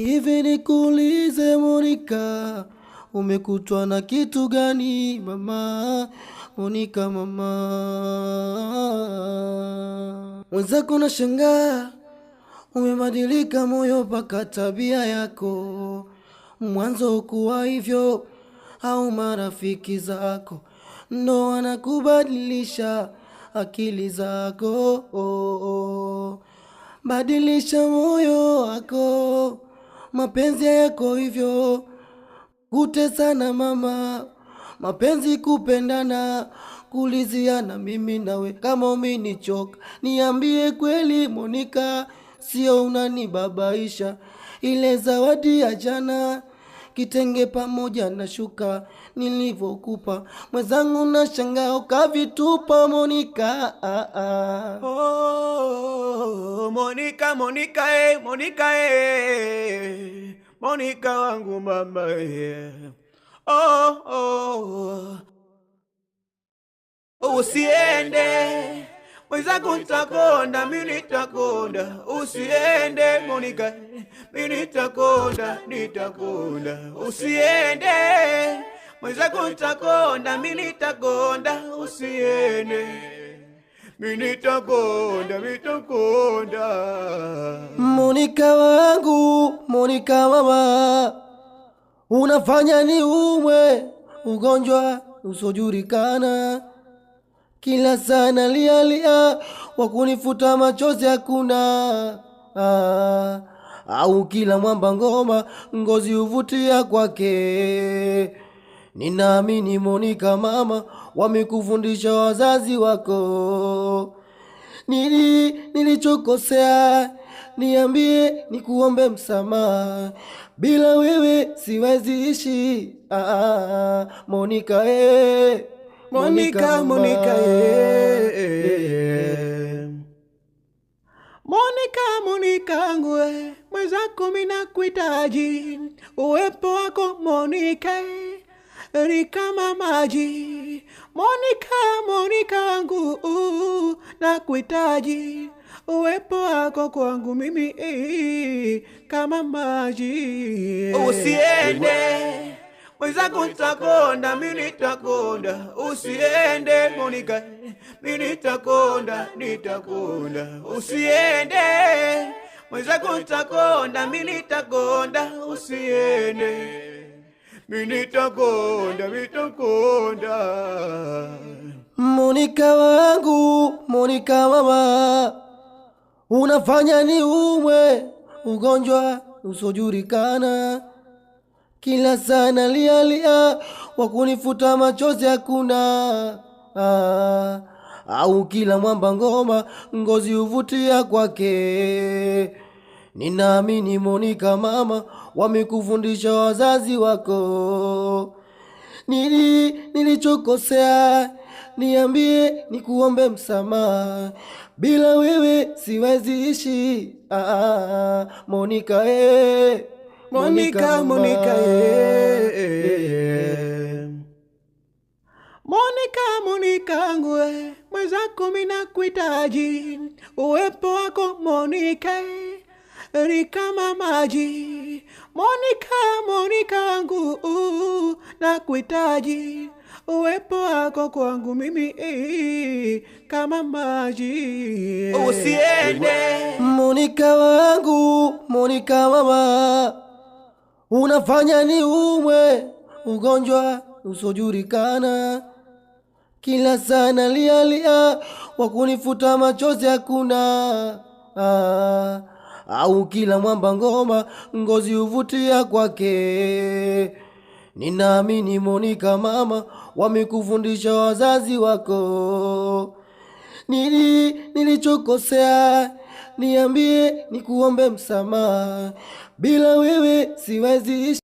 hivi nikuulize, Monica, umekutwa na kitu gani? Mama Monica, mama mwenzako, na umebadilika moyo mpaka tabia yako, mwanzo ukuwa hivyo au marafiki zako ndo wanakubadilisha akili zako? Oh, oh. Badilisha moyo wako mapenzi yako hivyo kutesana mama, mapenzi kupendana kuliziana mimi nawe, kama umenichoka niambie kweli monika sio unanibabaisha ile zawadi ya jana kitenge pamoja na shuka nilivyokupa mwenzangu, na shangao kavitupa Monika. Ah, ah. Oh, Monika, Monika, eh, Monika, eh, Monika wangu mama eh. Oh, oh, oh. Usiende mwenzangu nitakonda, mimi nitakonda, usiende Monica, mimi nitakonda, nitakonda, usiende mwenzangu nitakonda, mimi nitakonda, usiende mimi nitakonda, mimi nitakonda, Monica wangu, Monika mama, unafanya ni umwe ugonjwa usojulikana kila sana lialia, wakunifuta machozi hakuna ah, au kila mwamba ngoma ngozi huvutia kwake. Ninaamini monika mama, wamekufundisha wazazi wako. Nili nilichokosea niambie, nikuombe msamaha, bila wewe siwezi ishi ah, ah Monica eh. Monica, Monica, Monica, Monica eh, eh. ngwe mwenzako mina kuhitaji uwepo wako Monica ni kama maji Monica, Monica wangu uh, na uwepo wako kwangu mimi eh, kama maji usiende mwenzako nitakonda, mimi nitakonda, usiende monikae, mimi nitakonda, nitakonda, usiende mwenzako nitakonda, mimi nitakonda, usiende mimi nitakonda, nitakonda Monika wangu, Monika mama, unafanya ni umwe ugonjwa usojulikana kila sana lialia, wakunifuta machozi hakuna ah, au kila mwamba ngoma ngozi huvutia kwake. Ninaamini monika mama, wamekufundisha wazazi wako. Nili nilichokosea niambie, nikuombe msamaha, bila wewe siwezi ishi ah, ah Monica eh. Monica, Monica, yeah. Monica, Monica eh, eh. ngwe mwenzako mina kuhitaji uwepo wako Monica ni kama maji Monica, Monica ngu uh, na uwepo wako kwangu mimi eh, kama maji, usiende Monica wangu, Monica wawa unafanya ni umwe ugonjwa usiojulikana. Kila sana lialia, wakunifuta machozi hakuna ah, au kila mwamba ngoma ngozi huvutia kwake. Ninaamini monika mama, wamekufundisha wazazi wako. Nili nilichokosea niambie, nikuombe msamaha, bila wewe siwezi